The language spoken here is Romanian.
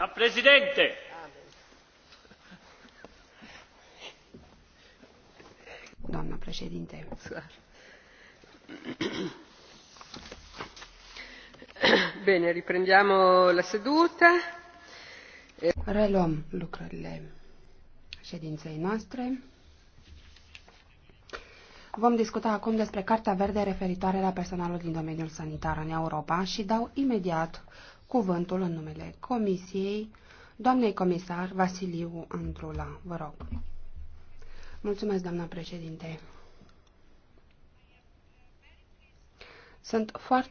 La Presidente! Doamna președinte. Bine, riprendiamo la seduta. Reluăm lucrările ședinței noastre. Vom discuta acum despre Cartea Verde referitoare la personalul din domeniul sanitar în Europa și dau imediat cuvântul în numele Comisiei, doamnei comisar Vasiliu Andrula. Vă rog. Mulțumesc, doamna președinte. Sunt foarte